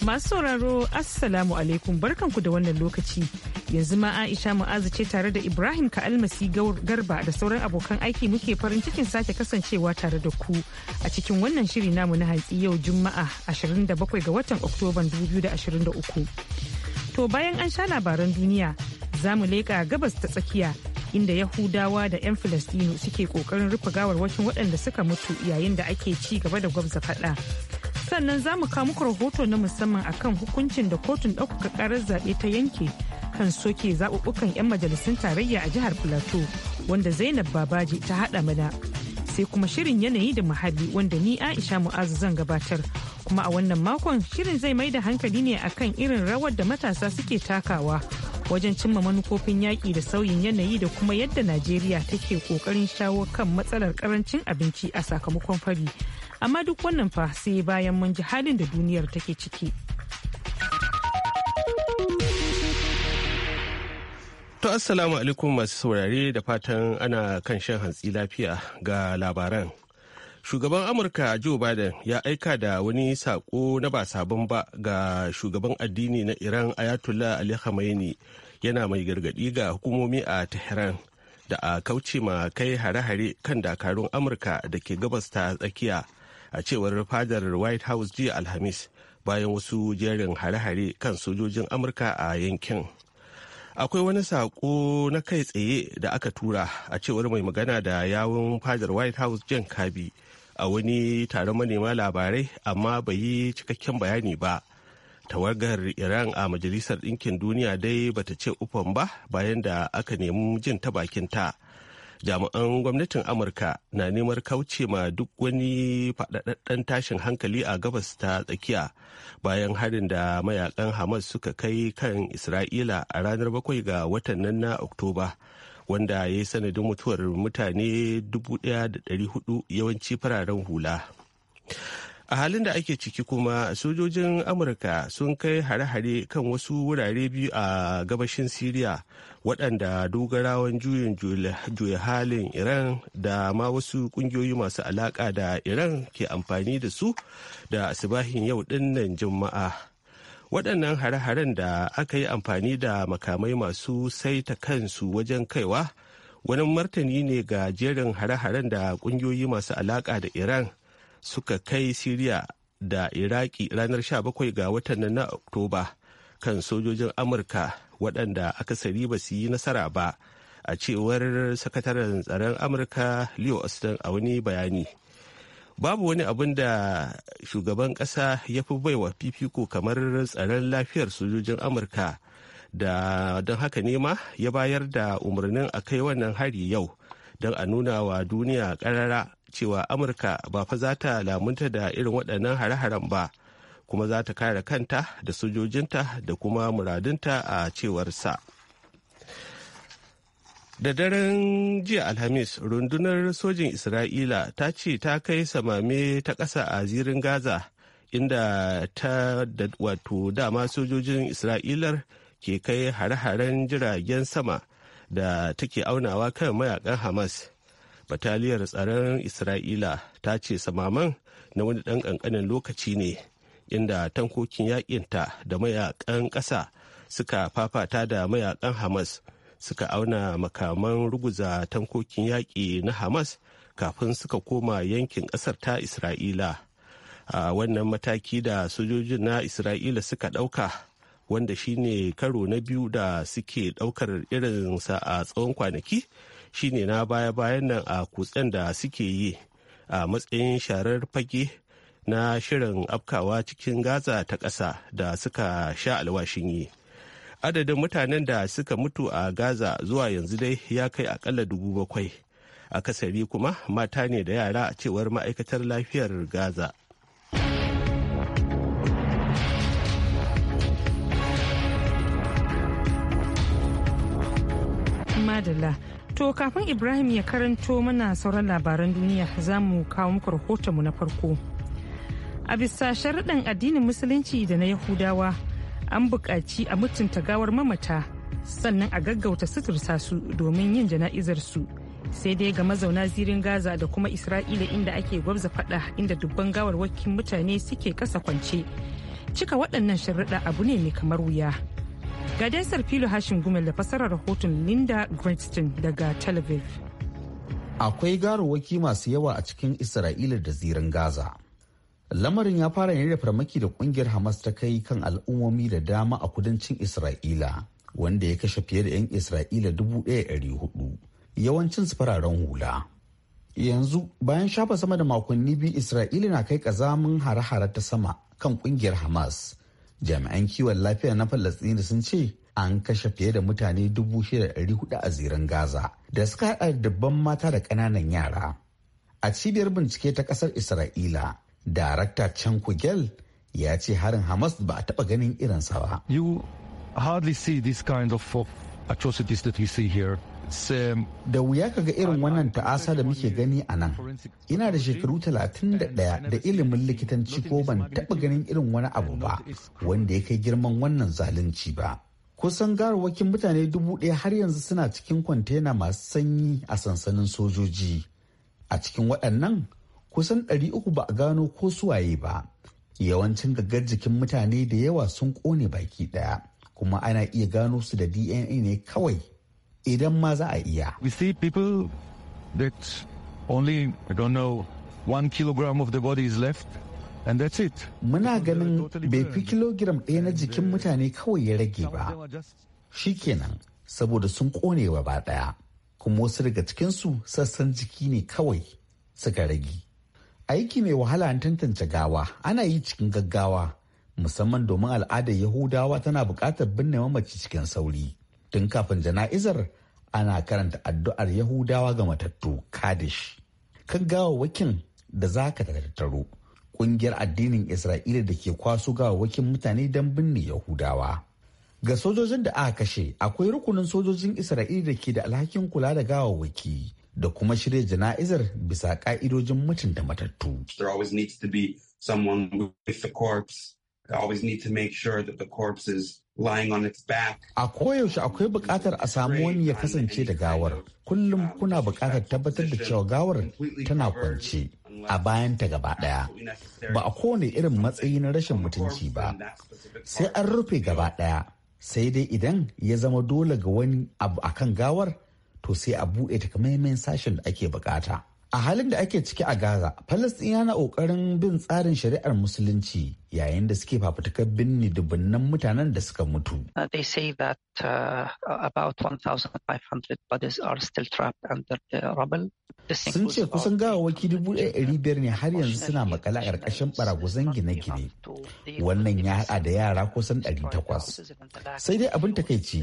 Masu sauraro Assalamu alaikum barkanku da wannan lokaci. Yanzu ma Aisha Mu'azu ce tare da Ibrahim Ka'almasi Garba da sauran abokan aiki muke farin cikin sake kasancewa tare da ku a cikin wannan shiri namu na hatsi yau Juma'a 27 ga watan Oktoban 2023. To bayan an sha labaran duniya za mu leƙa gabas ta tsakiya inda Yahudawa da 'yan Filistinu suke ƙoƙarin rufe gawarwakin waɗanda suka mutu yayin da ake ci gaba da gwabza faɗa. sannan za mu kawo muku rahoto na musamman akan hukuncin da kotun ɗaukaka karar zaɓe ta yanke kan soke zaɓuɓɓukan 'yan majalisun tarayya a jihar plateau wanda zainab babaji ta haɗa mana sai kuma shirin yanayi da muhalli wanda ni aisha mu'azu zan gabatar kuma a wannan makon shirin zai mai da hankali ne akan irin rawar da matasa suke takawa wajen cimma manufofin yaƙi da sauyin yanayi da kuma yadda najeriya take ƙoƙarin shawo kan matsalar ƙarancin abinci a sakamakon fari amma duk wannan fa sai bayan mun ji halin da duniyar take ciki. To assalamu alaikum masu saurare da fatan ana kan shan hantsi lafiya ga labaran. Shugaban Amurka Joe Biden ya aika da wani sako na ba sabon ba ga shugaban addini na Iran Ayatollah Ali Khamenei yana mai gargadi ga hukumomi a Tehran da a kauce ma kai hare-hare kan dakarun Amurka da ke gabas ta tsakiya. a cewar fadar white house jiya alhamis bayan wasu jerin hare-hare kan sojojin amurka a yankin akwai wani saƙo na kai tsaye da aka tura a cewar mai magana da yawun fadar white house jan kabi a wani taron manema labarai amma bai yi cikakken bayani ba tawagar iran a majalisar ɗinkin duniya dai bata ce ufan ba bayan da aka nemi jin ta bakinta. ta jami'an gwamnatin amurka na neman kauce ma duk wani faɗaɗɗen tashin hankali a gabas ta tsakiya bayan harin da mayakan hamas suka kai kan isra'ila a ranar bakwai ga watan nan na oktoba wanda ya yi sanadin mutuwar mutane 1,400 yawanci fararen hula a halin da ake ciki kuma sojojin amurka sun kai hare-hare kan wasu wurare biyu a gabashin siriya waɗanda dogarawan juyin juya halin iran da ma wasu ƙungiyoyi masu alaƙa da iran ke amfani da su da asibahin yau ɗinnan juma'a waɗannan hare-haren da aka yi amfani da makamai masu saita kansu wajen kaiwa wani martani ne ga jerin hare-haren da ƙungiyoyi masu alaƙa da iran suka kai Siriya da Iraki ranar 17 ga watan na Oktoba kan sojojin Amurka waɗanda akasari ba su yi nasara ba a cewar sakataren tsaron Amurka Leo Austin a wani bayani. Babu wani abin da shugaban ƙasa ya fi baiwa fifiko kamar tsaron lafiyar sojojin Amurka da don haka ne ma ya bayar da umarnin a kai wannan hari yau don a nuna wa duniya ƙarara cewa amurka ba fa za ta lamunta da irin waɗannan hare-haren ba kuma za ta kare kanta da sojojinta da kuma muradinta a cewarsa da daren jiya alhamis rundunar sojin isra'ila ta ce ta kai samame ta ƙasa a zirin gaza inda ta da wato dama sojojin isra'ilar ke kai hare-haren jiragen sama da take aunawa kan mayakan hamas bataliyar tsaron isra'ila ta ce samaman na wani ɗan ƙanƙanin lokaci ne inda tankokin yakinta da mayakan ƙasa suka fafata da mayaƙan hamas suka auna makaman ruguza tankokin yaƙi na hamas kafin suka koma yankin ƙasar ta isra'ila a wannan mataki da sojojin na isra'ila suka ɗauka wanda shine karo na biyu da suke ɗaukar irinsa a tsawon kwanaki shine na baya-bayan nan a kutsen da suke yi a matsayin sharar fage na shirin afkawa cikin gaza ta ƙasa da suka sha alwashin yi adadin mutanen da suka mutu a gaza zuwa yanzu dai ya kai akalla dubu bakwai akasari kuma mata ne da yara a cewar ma'aikatar lafiyar gaza madalla To kafin Ibrahim ya karanto mana sauran labaran duniya za mu kawo muku rahotonmu na farko. A bisa sharaɗin addinin Musulunci da na Yahudawa an buƙaci a mutunta gawar mamata sannan a gaggauta suturta su domin yin jana'izar su. sai dai ga mazauna zirin gaza da kuma isra'ila inda ake gwabza faɗa inda dubban gawar gawarwakin mutane suke kasa kwance cika waɗannan sharaɗa abu ne mai kamar wuya Ga daisar filo hashin gumel da fasarar rahoton Linda Greenstein daga Tel Akwai garowaki masu yawa a cikin Isra'ila da zirin Gaza. Lamarin ya fara ne da farmaki da kungiyar Hamas ta kai kan al'ummomi da dama a kudancin Isra'ila, wanda ya kashe fiye da 'yan Isra'ila dubu hudu yawancin su fararen hula. Yanzu bayan shafa sama da makonni biyu Isra'ila na kai kazamin hare-hare ta sama kan kungiyar Hamas. jami'an kiwon lafiya na falastini sun ce an kashe fiye da mutane 6,400 a zirin gaza da suka haɗa dubban mata da ƙananan yara a cibiyar bincike ta ƙasar isra'ila darakta can kugel ya ce harin hamas ba a taɓa ganin irinsa ba you hardly see this kind of atrocities that you see here da wuya kaga irin wannan ta'asa da muke gani a nan ina da shekaru 31 da ilimin likitanci ko ban taɓa ganin irin wani abu ba wanda ya kai girman wannan zalunci ba kusan garwakin mutane dubu ɗaya har yanzu suna cikin kwantena masu sanyi a sansanin sojoji a cikin waɗannan kusan ɗari uku ba a gano ko suwaye ba yawancin gaggar jikin mutane da yawa sun ƙone baki ɗaya kuma ana iya gano su da dna ne kawai idan ma za a iya. We see people that only, I don't know, one kilogram of the body is left. And Muna ganin bai fi kilogiram ɗaya na jikin uh, mutane kawai ya rage ba. Shi kenan, saboda sun ƙone ba ɗaya, kuma wasu daga cikinsu sassan jiki ne kawai suka rage. Aiki mai wahala an tantance gawa, ana yi cikin gaggawa, musamman domin al'adar Yahudawa tana buƙatar binne mamaci cikin sauri. tun kafin jana'izar ana karanta addu'ar yahudawa ga matattu kadish kan gawawwakin da za ka tattaro kungiyar addinin isra'ila da ke kwaso gawawwakin mutane don binne yahudawa ga sojojin da aka kashe akwai rukunin sojojin isra'ila da ke da alhakin kula da gawawwaki da kuma shirya jana'izar bisa ka'idojin da matattu. There always needs to someone with the corpse. They always need to make sure that the corpse is lying on its back. A koyaushe akwai bukatar a samu wani ya kasance da gawar. Kullum um, kuna bukatar tabbatar da cewa gawar tana kwance a bayan ta gaba ɗaya. Ba a kowane irin matsayi na rashin mutunci ba. Sai an rufe gaba ɗaya. Sai dai idan ya zama dole ga wani abu akan gawar to sai a buɗe takamaiman sashen da ake buƙata. A halin da ake ciki a Gaza, Falasɗin na ƙoƙarin bin tsarin shari'ar Musulunci yayin da suke fafutukar binne dubunnan mutanen da suka mutu. Uh, they say that uh, about 1,500 bodies are still trapped under the Sun ce kusan gawawaki dubu ɗaya biyar ne har yanzu suna makala ƙarƙashin baraguzan gine-gine. Wannan ya haɗa da yara kusan ɗari takwas. Sai dai abin takaici,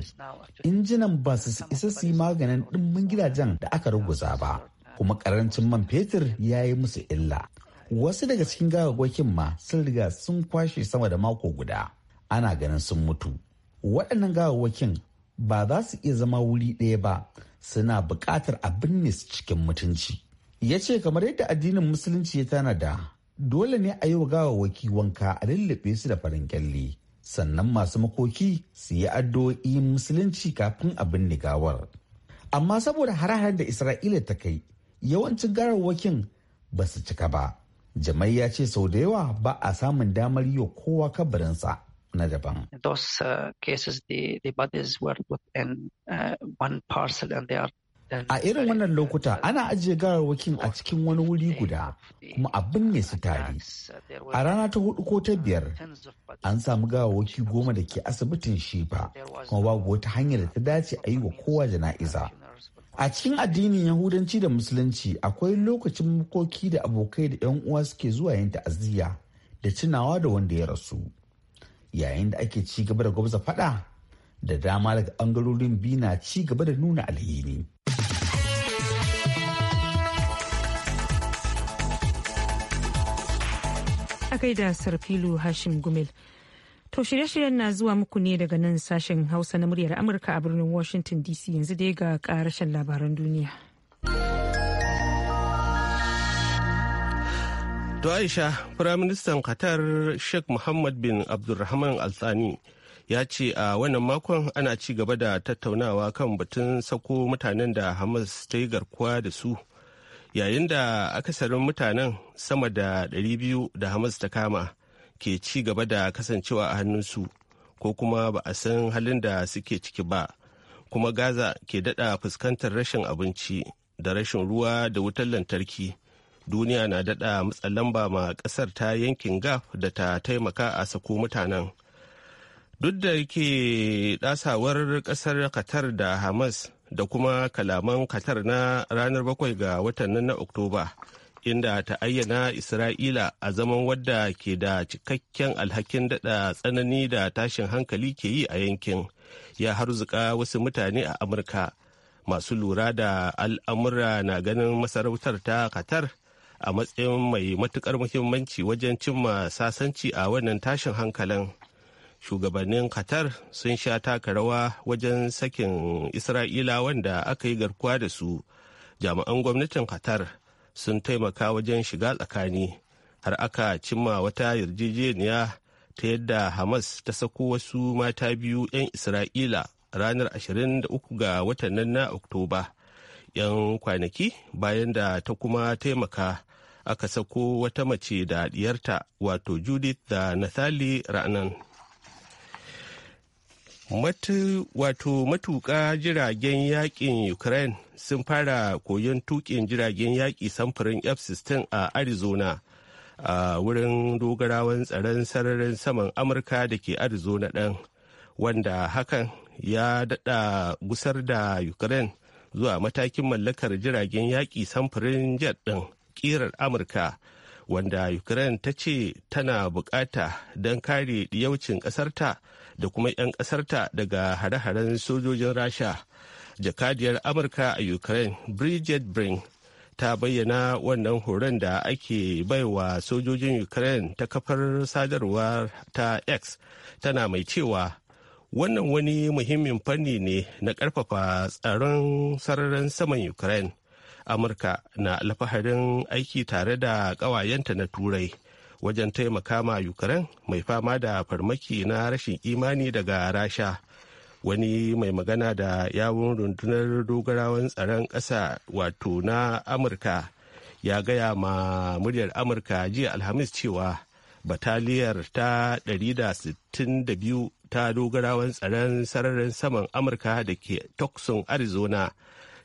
injinan ba su isa su yi maganin ɗimbin gidajen da aka ruguza ba. kuma karancin man fetur ya yi musu illa wasu daga cikin gawagwakin ma sun riga sun kwashe sama da mako guda ana ganin sun mutu waɗannan gawagwakin ba za su iya zama wuri ɗaya ba suna buƙatar a binne su cikin mutunci ya ce kamar yadda addinin musulunci ya tanada dole ne a yi wa gawawaki wanka a lullube su da farin kyalle sannan masu makoki su yi addu'o'i musulunci kafin a binne gawar amma saboda hare-haren da isra'ila ta kai yawancin gawarwakin ba su cika ba jamai ya ce sau da yawa ba a samun damar yi wa kowa kabarinsa na daban. Uh, uh, a irin wannan uh, lokuta ana ajiye garawakin a cikin wani wuri guda kuma abin ne su tari. A rana ta hudu ko ta biyar an samu gawarwaki goma da ke asibitin shifa kuma babu wata hanyar da ta dace a yi wa kowa jana'iza. A cikin addinin Yahudanci da Musulunci akwai lokacin makoki da abokai da 'yan uwa suke zuwa yin ta'aziyya da tunawa da wanda ya rasu. Yayin da ake ci gaba da gwabza fada da dama daga ɓangarorin biyu na ci gaba da nuna alheri. A dasar Sarfilu Hashim Gumel. To shirye-shiryen na zuwa muku ne daga nan sashen Hausa na muryar Amurka a birnin Washington DC yanzu dai ga karashen labaran duniya. To Aisha, Firaministan Qatar Sheikh Muhammad bin Abdulrahman Al-Thani ya ce a wannan makon ana ci gaba da tattaunawa kan batun sako mutanen da Hamas ta yi garkuwa da su. Yayin da akasarin mutanen sama da 200 da Hamas ta kama. ke ci gaba da kasancewa a hannunsu ko kuma ba a san halin da suke ciki ba kuma gaza ke daɗa fuskantar rashin abinci da rashin ruwa da wutar lantarki duniya na daɗa matsa lamba ma ƙasar ta yankin gaf da ta taimaka a sako mutanen duk da yake ɗasawar ƙasar qatar da hamas da kuma kalaman qatar na ranar bakwai ga watannin na oktoba inda ta ayyana Isra'ila a zaman wadda ke da cikakken alhakin dada tsanani da tashin hankali ke yi a yankin ya harzuka wasu mutane a Amurka. Masu lura da al'amura na ganin masarautar ta Qatar a matsayin mai matukar muhimmanci wajen cimma sasanci a wannan tashin hankalin. Shugabannin Qatar sun sha taka rawa wajen sakin Isra'ila wanda aka yi garkuwa da su. Jami'an gwamnatin Qatar. sun taimaka wajen shiga tsakani har aka cimma wata yarjejeniya ta yadda hamas ta sako wasu mata biyu 'yan isra'ila ranar 23 ga watan nan na oktoba 'yan kwanaki bayan da ta kuma taimaka aka sako wata mace da diyarta wato judith da nathali ranan wato matuƙa jiragen yakin ukraine sun fara koyon tukin jiragen yaƙi samfurin f-16 a arizona a wurin dogarawan tsaron sararin saman amurka da ke arizona ɗan wanda hakan ya daɗa gusar da ukraine zuwa matakin mallakar jiragen yaƙi samfurin jet ɗin ƙirar amurka wanda ukraine ta ce tana buƙata don kare ɗiyaucin ƙasarta da kuma 'yan ƙasarta daga hare-haren sojojin rasha jakadiyar amurka a ukraine bridget brink ta bayyana wannan horon da ake baiwa sojojin ukraine ta kafar sadarwa ta x tana mai cewa wannan wani muhimmin fanni ne na karfafa tsaron sararin saman ukraine amurka na alfaharin aiki tare da ƙawayenta na turai wajen taimaka ma ukraine mai fama da farmaki na rashin imani daga rasha wani mai magana da yawun rundunar dogarawan tsaron ƙasa wato na amurka ya gaya ma muryar amurka jiya alhamis cewa bataliyar ta 162 ta dogarawan tsaron sararin saman amurka da ke tucson arizona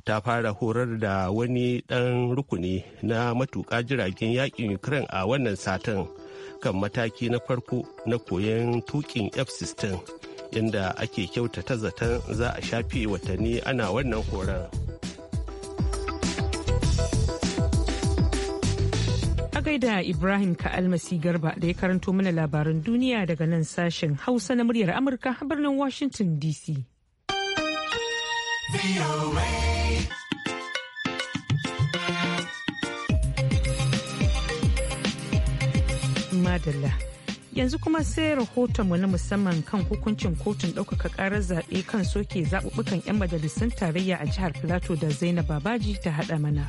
ta fara horar da wani ɗan rukuni na matuƙa jiragen yakin ukraine a wannan satin kan mataki na farko na koyon tukin f-16 inda ake kyautata zaton za a shafe watanni ana wannan horar gaida Ibrahim ka almasi Garba da ya karanto mana labaran duniya daga nan sashen Hausa na muryar Amurka birnin Washington DC. madalla. Yanzu kuma sai rahotonmu na musamman kan hukuncin kotun ɗaukaka ƙarar zaɓe kan soke zaɓuɓɓukan 'yan majalisun tarayya a jihar plateau da Zainab Babaji ta haɗa mana.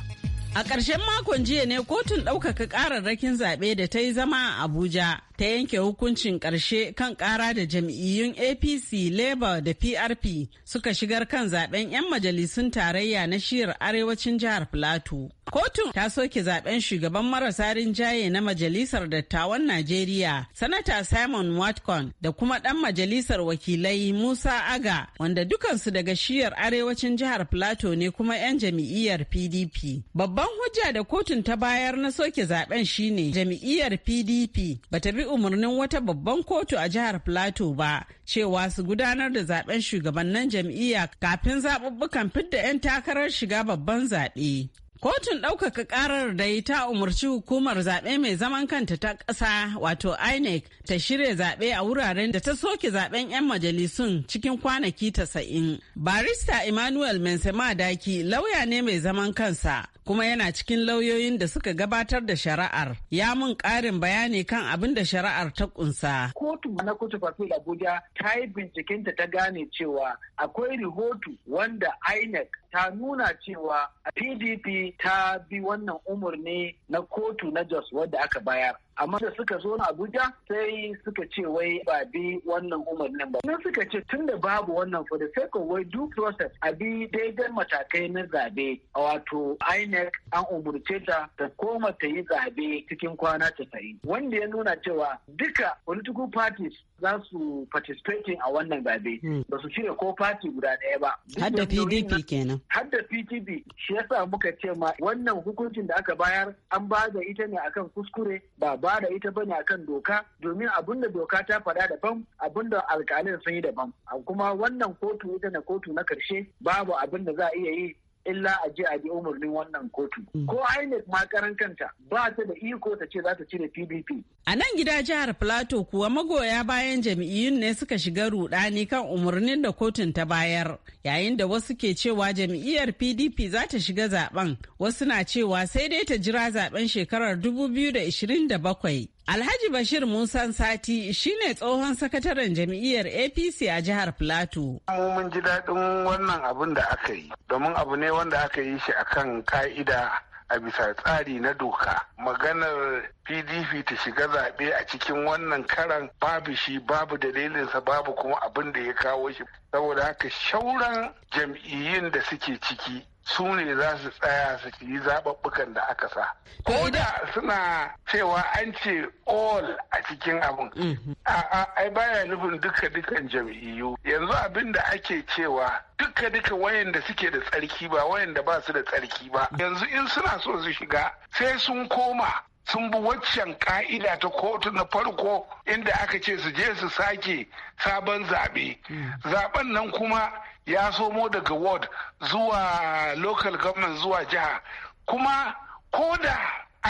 A ƙarshen makon jiya ne kotun ɗaukaka ƙararrakin zaɓe da ta yi zama a Abuja ta yanke hukuncin ƙarshe kan ƙara da jam'iyyun APC, Labour da PRP suka shigar kan zaɓen 'yan majalisun tarayya na shiyar arewacin jihar plateau Kotun ta soke zaben shugaban marasa rinjaye na Majalisar Dattawan Najeriya, Sanata Simon Watcon da kuma ɗan Majalisar Wakilai Musa Aga, wanda dukansu daga shiyar arewacin jihar Plateau ne kuma 'yan jam'iyyar PDP. Babban hujja da kotun ta bayar na soke zaben shine jam'iyyar PDP ba ta bi umarnin wata babban kotu a jihar Plateau ba, cewa su gudanar da zaben shugabannin jam'iyya kafin zaɓuɓɓukan fidda 'yan takarar shiga babban zaɓe. Kotun ɗaukaka ƙarar da ta umarci hukumar zaɓe mai zaman kanta ta ƙasa wato INEC ta shirya zaɓe a wuraren da ta soke zaɓen 'yan majalisun cikin kwanaki tasa'in. Barista Emmanuel Mensema Daki lauya ne mai zaman kansa kuma yana cikin lauyoyin da suka gabatar da shari'ar. Ya mun ƙarin bayani kan abin da shari'ar ta ƙunsa. Kotu na Kotu Fatul Abuja ta yi bincikenta ta gane cewa akwai rihoto wanda INEC ta nuna cewa pdp ta bi wannan umarni na kotu na jos wadda aka bayar amma da suka zo na abuja sai suka ce wai ba bi wannan umarnin ba Sai suka ce tun da babu wannan for the sake of wai due process a bi daidai matakai na zabe wato inec an umurce ta ta koma ta yi zabe cikin kwana casa'in wanda ya nuna cewa duka political parties za su participate a wannan zabe hmm. ba su cire ko party guda ɗaya ba Hadda pdp kenan Hadda pdp shi yasa muka ce ma wannan hukuncin da aka bayar an ba da ita ne akan kuskure ba ba da ita ba bane akan doka domin abin da doka ta faɗa daban abin da alƙalin sun yi daban kuma wannan kotu ita na kotu na karshe babu abin da za a iya yi illa a je a ji umarnin wannan kotu. Mm. Ko INEC ma karan kanta ba ta da iko ta ce za ta cire PDP. A nan gida jihar Plateau kuwa magoya bayan jam'iyyun ne suka shiga rudani kan umarnin da kotun ta bayar. Yayin da wasu ke cewa jam'iyyar PDP za ta shiga zaben, wasu na cewa sai dai ta jira zaben shekarar 2027. Alhaji Bashir Musa Sati shine tsohon sakataren jam'iyyar APC a jihar Plateau. Mun ji daɗin wannan abun da aka yi, domin abu ne wanda aka yi shi akan ka'ida a bisa tsari na doka. Maganar PDP ta shiga zaɓe a cikin wannan karan babu shi babu dalilinsa babu kuma abin da ya kawo shi. Saboda haka shauran jam'iyyun da suke ciki su ne za su tsaya su yi zaɓaɓɓukan da aka sa. Ko da suna cewa an ce all a cikin abin. Mm-hmm. Ai baya nufin duka dukan jam'iyyu. Yanzu abin da ake cewa duka duka wayanda suke da tsarki ba wayanda ba su da tsarki ba. Yanzu in suna so su shiga sai sun koma sun bi waccan ka'ida ta kotu na farko inda aka ce su je su sake sabon zaɓe. Hmm. Zaben nan kuma ya somo daga ward zuwa local government zuwa jiha. Kuma ko da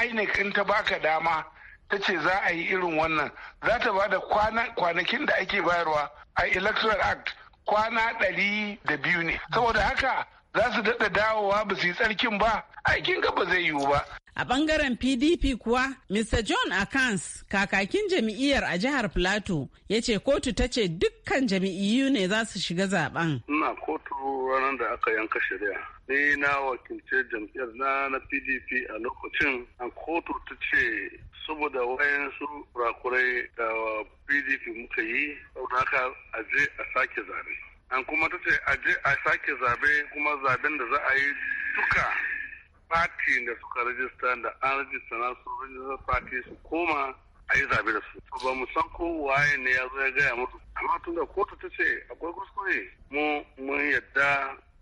INEC ta baka dama ta ce za a yi irin wannan za ta ba da kwanakin da ake bayarwa a electoral act kwana ɗari da biyu ne. Saboda haka za su daɗa dawowa ba su yi tsarkin ba aikin ga ba zai yiwu ba. A bangaren PDP kuwa, Mr. John Akans, kakakin jam'iyyar a jihar Plateau, ya ce kotu ta ce dukkan jam'iyyu ne za su shiga zaben. Ina kotu ranar da aka yanka shari'a. Ni na wakilce jam'iyyar na na PDP a lokacin, a kotu ta ce saboda wayan su kurakurai da PDP muka yi, saboda haka a je a sake zabe. An kuma ta ce a je a sake zabe kuma zaben da za a yi duka fati da suka rajista da an rajista na su rajista fati su koma a yi zabe da su to ba mu san ko waye ne ya zo ya gaya musu amma tun da kotu ta ce akwai kuskure mu mun yadda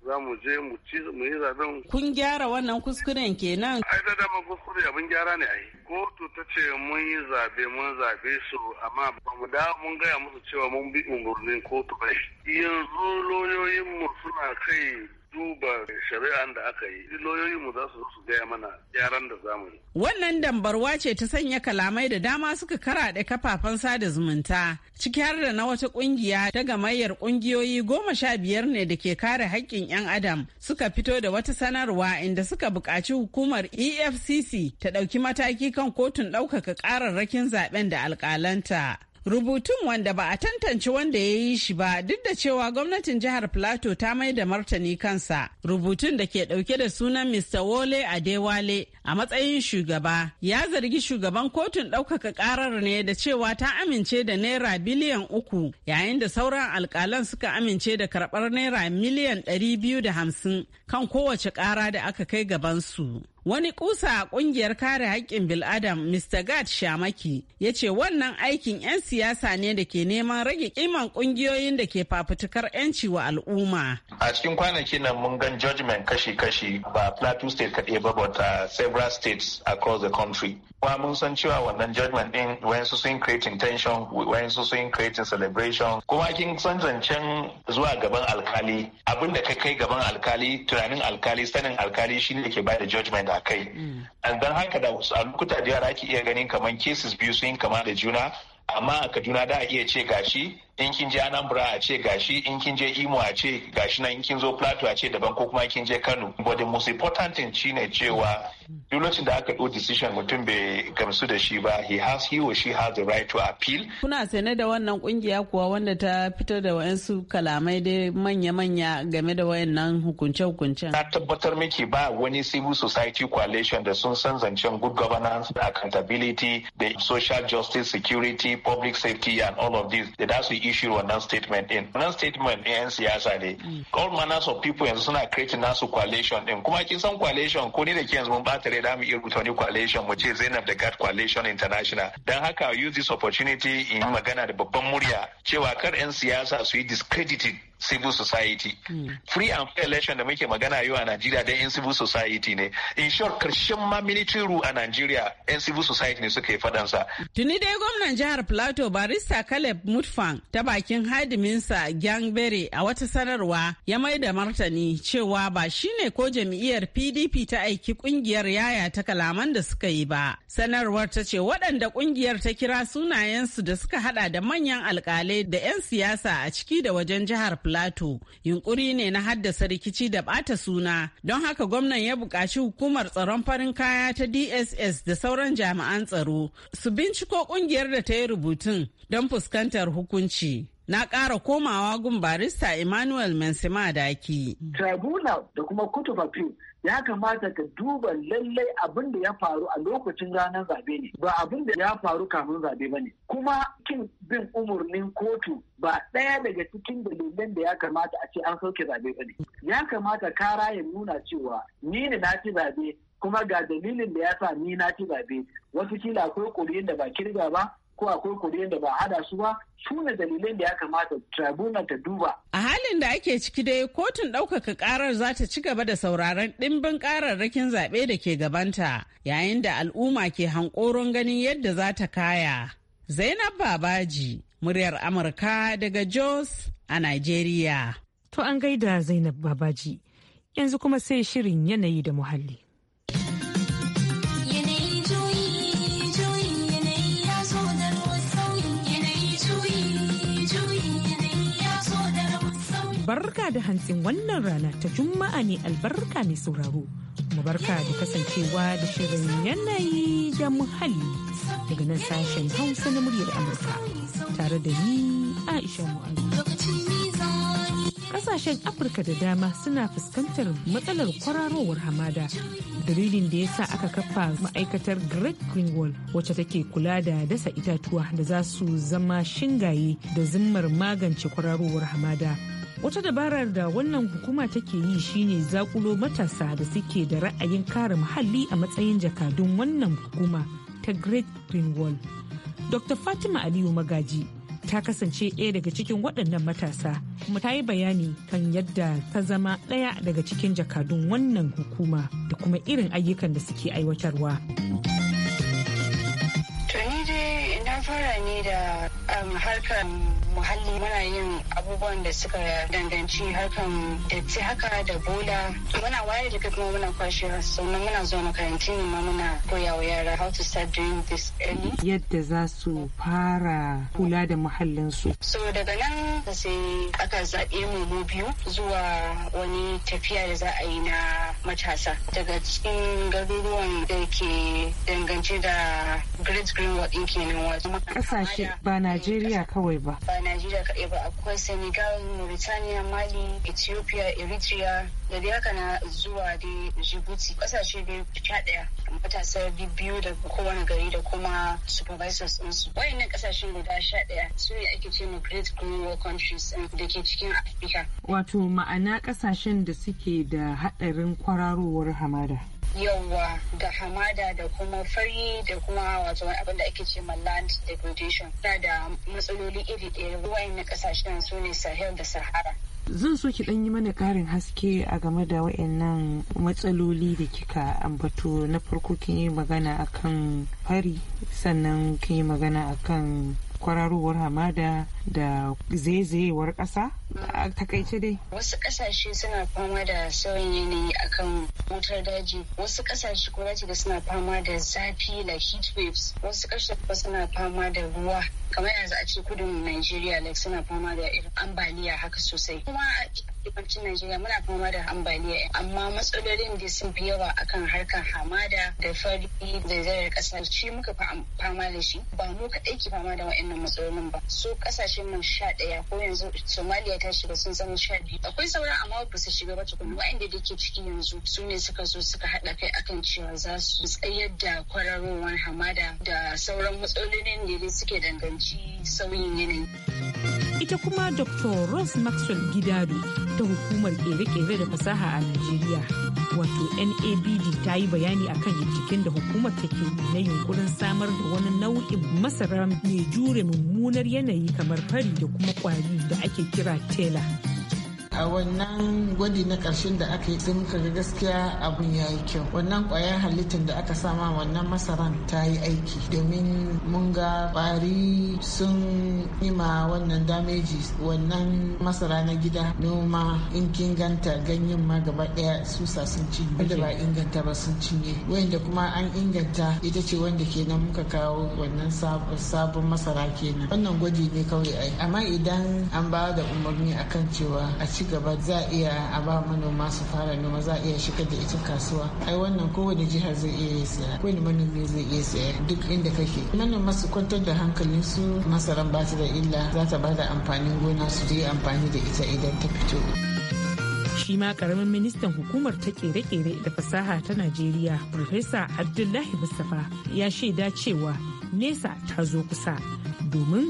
za mu je mu ci mu yi zaben kun gyara wannan kuskuren kenan ai da dama kuskure abin gyara ne ai kotu ta ce mun yi zabe mun zabe su amma ba mu da mun gaya musu cewa mun bi umarnin kotu bai yanzu lauyoyin mu suna kai duba shari'an da aka yi lauyoyin mu za su su gaya mana yaran da zamu yi wannan dambarwa ce ta sanya kalamai da dama suka karaɗe kafafen sada zumunta ciki har da na wata kungiya ta gamayyar kungiyoyi goma sha biyar ne da ke kare haƙƙin 'yan adam suka fito da wata sanarwa inda suka buƙaci hukumar efcc ta ɗauki mataki kan kotun ɗaukaka ƙararrakin zaben da alƙalanta Rubutun wanda ba a tantance wanda ya yi shi ba duk da cewa gwamnatin jihar plato ta mai da martani kansa. Rubutun da ke dauke da sunan Mr. Wole Adewale a matsayin shugaba ya zargi shugaban kotun ɗaukaka ƙarar ne da cewa ta amince da naira biliyan uku yayin da sauran alkalan suka amince da karɓar naira miliyan ɗari biyu da hamsin kan kowace ƙara da aka kai gabansu. Wani kusa a kungiyar kare haƙƙin Biladam, Mr. Gad Shamaki, ya ce wannan aikin 'yan siyasa ne da ke neman rage ƙiman ƙungiyoyin da ke fafutukar 'yanci wa al'umma. A cikin kwanaki nan mun gan judgment kashi-kashi ba Plateau State kaɗai ba but uh, several states across the country. kuma mun san cewa wannan judgment din wayansu sun creating tension wayansu sun creating celebration kuma kin san zancen zuwa gaban alkali abinda ka kai gaban alkali tunanin alkali sanin alkali shine ke bada judgment a kai mm. dan haka da a lokuta da yara ki iya ganin kamar cases biyu sun kama da juna amma a kaduna da a iya ce gashi in kin je anambra a ce gashi in kin je imo a ce gashi nan in kin zo plateau a ce daban ko kuma kin je kano but the most important thing shine cewa duk lokacin da aka ɗau decision mutum bai gamsu da shi ba he has he or she has the right to appeal kuna sane da wannan kungiya kuwa wanda ta fitar da wayansu kalamai dai manya-manya game da wayannan hukunce-hukuncen na tabbatar miki ba wani civil society coalition da sun san zancen good governance accountability da social justice security public safety and all of this that za su issue wannan statement in wannan statement din yan siyasa ne mm. all manners of people yanzu suna creating nasu coalition din kuma kin san coalition ko ni da ke yanzu mun ba tare da mu iya rubuta wani coalition mu ce Zainab da GARD Coalition International dan haka use this opportunity in magana da babban murya cewa kar yan siyasa su yi discredited civil society hmm. free and fair election da muke magana yau a Najeriya dan yan civil society ne in short karshen ma military rule a Najeriya yan civil society ne suka yi fadansa tuni dai gwamnan jihar Plateau barista Caleb Mutfang ta bakin hadiminsa Gangbere a wata sanarwa ya mai da martani cewa ba shine ko jam'iyyar PDP ta aiki kungiyar yaya ta kalaman da suka yi ba sanarwar ta ce waɗanda kungiyar ta kira sunayensu da suka hada da manyan alkalai da 'yan siyasa a ciki da wajen jihar Plateau Plateau yunkuri ne na haddasa rikici da ɓata suna don haka gwamnan ya buƙaci hukumar tsaron farin kaya ta DSS da sauran jami'an tsaro su binciko ƙungiyar da ta yi rubutun don fuskantar hukunci. na ƙara komawa gun barista Emmanuel Mensima Daki. Tribunal da kuma Court of Appeal ya kamata ka duba lallai abin da ya faru a lokacin ranar zabe ne ba abin da ya faru kafin zabe ba ne kuma kin bin umarnin kotu ba ɗaya daga cikin dalilan da ya kamata a ce an sauke zabe ba ne ya kamata kara ya nuna cewa ni ne na ci zabe kuma ga dalilin da ya sa ni na ci zabe wasu kila akwai ƙuri'in da ba kirga ba ko akwai kuri'un da ba a hada su ba su ne dalilin da ya kamata tribunal ta duba. A halin da ake ciki dai kotun ɗaukaka ƙarar za ta ci gaba da sauraron ɗimbin ƙararrakin zaɓe da ke gabanta yayin da al'umma ke hankoron ganin yadda za ta kaya. Zainab Babaji, muryar Amurka daga Jos a Najeriya. To an gaida Zainab Babaji, yanzu kuma sai shirin yanayi da muhalli. Barka da hantsin wannan rana ta Juma'a ne albarka mai sauraro. Mu barka da kasancewa da shirin yanayi da muhalli daga nan sashen Hausa na muryar Amurka tare da ni Aisha Mu'ali. kasashen afirka da dama suna fuskantar matsalar kwararowar hamada dalilin da ya sa aka kafa ma'aikatar great green wacce take kula da dasa itatuwa da za su zama shingaye da zimmar magance kwararowar hamada wata dabarar da wannan hukuma take yi shine zakulo matasa da suke da ra'ayin kare muhalli a matsayin jakadun wannan hukuma ta great green wall dr fatima aliyu magaji ta kasance ɗaya daga cikin waɗannan matasa kuma ta yi bayani kan yadda ta zama ɗaya daga cikin jakadun wannan hukuma da kuma irin ayyukan da suke aiwatarwa. fara ne da um, harkar muhalli muna yin abubuwan da suka danganci harkar datti haka da bola muna wayar da kuma muna kwashe sannan muna zuwa makarantun ne ma muna koya wa yara how to start doing this early yadda za su fara kula da muhallinsu so daga nan sai aka zaɓe mu mu biyu zuwa wani tafiya da za a yi na matasa daga cikin garuruwan da ke dangance da great green world kenan wato kasashe ba najeriya kawai ba ba najeriya kaɗai ba akwai senegal mauritania mali ethiopia eritrea da dai haka na zuwa da Djibouti. kasashe da sha ɗaya matasa biyu da kowane gari da kuma supervisors ɗinsu wayannan kasashen guda sha ɗaya su ne ake ce great green World countries da ke cikin afirka wato ma'ana kasashen da suke da haɗarin kwararowar hamada yawa da hamada da kuma fari da kuma wato abin da ake ce ma land degradation na da matsaloli iri ɗaya ruwa na ƙasashen su ne sahel da sahara zan so ki yi mana karin haske a game da wayannan matsaloli da kika ambato na farko kin yi magana akan fari sannan kin yi magana akan kwararowar hamada da zaizayewar kasa a takaice dai wasu ƙasashe suna fama da sauyin yanayi akan wutar daji wasu ƙasashe ko da suna fama da zafi like heat waves wasu ƙasashe suna fama da ruwa kamar yanzu a ce kudin Najeriya like suna fama da ambaliya haka sosai kuma kudancin Najeriya muna fama da ambaliya amma matsalolin da sun fi yawa akan harkar hamada da fari zaizayar kasa shi muka fama da shi ba mu kaɗai ke fama da wa'annan matsalolin ba su kasashen mun sha ɗaya ko yanzu Somalia ta shiga sun zama sha biyu akwai sauran amma ba su shiga ba tukun wa'anda da ke ciki yanzu su ne suka zo suka haɗa kai akan cewa za su tsayar da kwararowar hamada da sauran matsalolin da suke danganci sauyin yanayi. Ita kuma Dr. Rose Maxwell Gidado ta hukumar kere-kere da fasaha a Najeriya wato NABD ta yi bayani akan binciken da hukumar take na yunkurin samar da wani nau'in masara mai jure mummunar yanayi kamar fari da kuma kwari da ake kira tela. A wannan an gwadi na karshen da aka yi sai muka ga gaskiya abun ya yi kyau wannan kwayar halittar da aka sama wannan masaran ta yi aiki domin mun ga ƙwari sun yi ma wannan dameji wannan masara na gida noma in kin ganta ganyen ma gaba daya susa sun cinye wanda ba inganta ba sun cinye wanda kuma an inganta ita ce wanda kenan muka kawo wannan sabon masara kenan wannan gwaji ne kawai ai amma idan an ba da umarni akan cewa a ci gaba za a iya a ba manoma su fara noma za a iya shiga da ita kasuwa ai wannan kowane jihar zai iya saya kowane manomi zai iya siya duk inda kake manoma su kwantar da hankalin su masaran ba ta da illa za ta ba da amfanin gona su yi amfani da ita idan ta fito shi ma karamin ministan hukumar ta kere-kere da fasaha ta najeriya Profesa abdullahi mustapha ya shaida cewa nesa ta zo kusa domin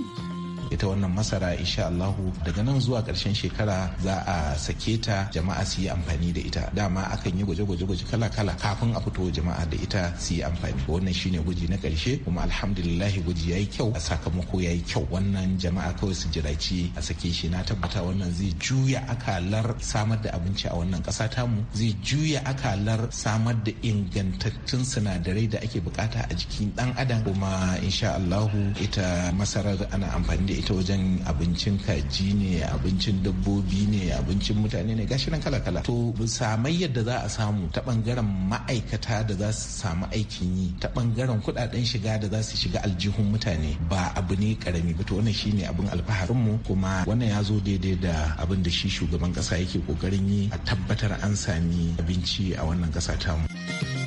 ita wannan masara insha Allahu daga nan zuwa karshen shekara za a sake ta jama'a su yi amfani da ita dama akan yi gwaje-gwaje gwaje kala-kala kafin a fito jama'a da ita su yi amfani wannan shine gwaji na karshe kuma alhamdulillah gwaji yayi kyau a sakamako yayi kyau wannan jama'a kawai su jira ci a sake shi na tabbata wannan zai juya akalar samar da abinci a wannan kasa tamu zai juya akalar samar da ingantattun sinadarai da ake bukata a jikin dan adam kuma insha Allahu ita masarar ana amfani da ita wajen abincin kaji ne abincin dabbobi ne abincin mutane ne gashi nan kala-kala to samai yadda za a samu ta bangaren ma'aikata da za su samu aikin yi ta bangaren kudaden shiga da za su shiga aljihun mutane ba abu ne karami ba to wannan shine abin alfaharin mu kuma wannan ya zo daidai da abin da shi shugaban kasa yake kokarin yi a tabbatar an sami abinci a wannan kasa tamu. mu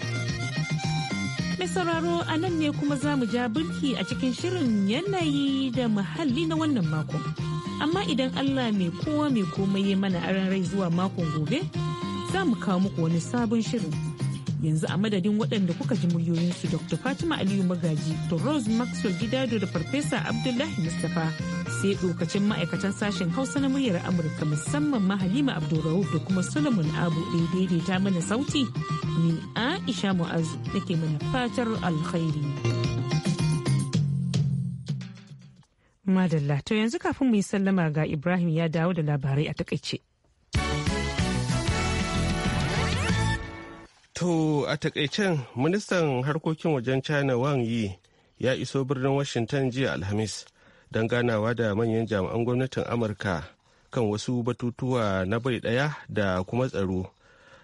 Mai sauraro a nan ne kuma za mu ja birki a cikin shirin yanayi da muhalli na wannan makon. Amma idan Allah mai kowa mai komai mana aran rai zuwa makon gobe, za mu kawo muku wani sabon shirin. yanzu a madadin waɗanda kuka ji muryoyinsu dr fatima aliyu magaji to rose maxwell gidado da farfesa abdullahi mustapha sai ɗokacin ma'aikatan sashen hausa na muryar amurka musamman ma halima abdulrahuf da kuma solomon abu da daidaita mana sauti ni aisha mu'azu nake mana fatar alkhairi madalla to yanzu kafin mu yi sallama ga ibrahim ya dawo da labarai a takaice. To a takaicen ministan harkokin wajen China Wang Yi ya iso birnin Washington jiya Alhamis don ganawa da manyan jami'an gwamnatin Amurka kan wasu batutuwa na bai ɗaya da kuma tsaro.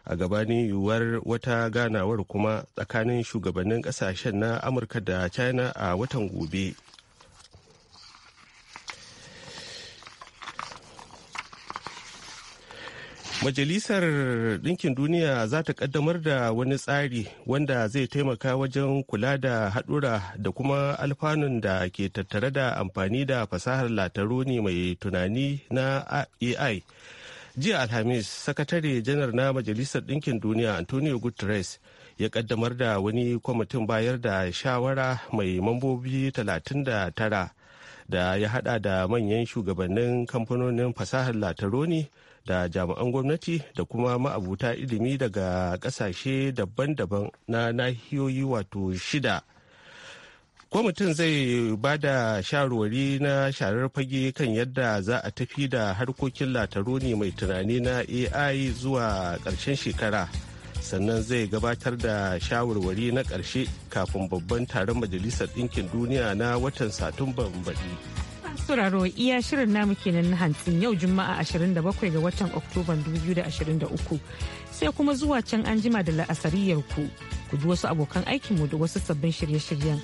A gabanin yiwuwar wata ganawar kuma tsakanin shugabannin ƙasashen na Amurka da China a watan gobe. Majalisar Ɗinkin Duniya za ta ƙaddamar da wani tsari wanda zai taimaka wajen kula da haɗura da kuma alfanun da ke tattare da amfani da fasahar lataroni mai tunani na AI. E Jiya Alhamis, Sakatare Janar na Majalisar Ɗinkin Duniya Antonio Guterres ya ƙaddamar da wani kwamitin bayar da shawara mai mambobi 39 da ya hada da manyan shugabannin kamfanonin fasahar lataroni. da jami'an gwamnati da kuma ma'abuta ilimi daga kasashe daban-daban na nahiyoyi wato shida kwamitin zai ba da shawarwari na sharar fage kan yadda za a tafi da harkokin lataroni mai tunani na ai zuwa ƙarshen shekara sannan zai gabatar da shawarwari na ƙarshe kafin babban taron majalisar ɗinkin duniya na watan satumban baɗi. sauraro iya shirin namu kenan na hantsin yau juma'a 27 ga watan oktoban 2023 sai kuma zuwa can an jima da la'asariyar ku ku ji wasu abokan aikinmu da wasu sabbin shirye-shiryen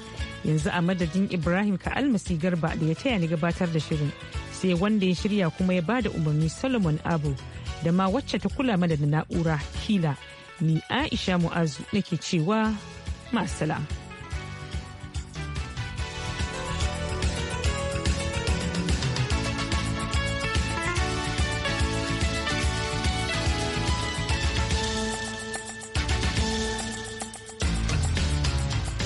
yanzu a madadin ibrahim ka almasi garba da ya taya ni gabatar da shirin sai wanda ya shirya kuma ya bada umarni solomon abu da ma wacce ta kula mana da na'ura hila ni aisha mu'azu nake cewa masalam.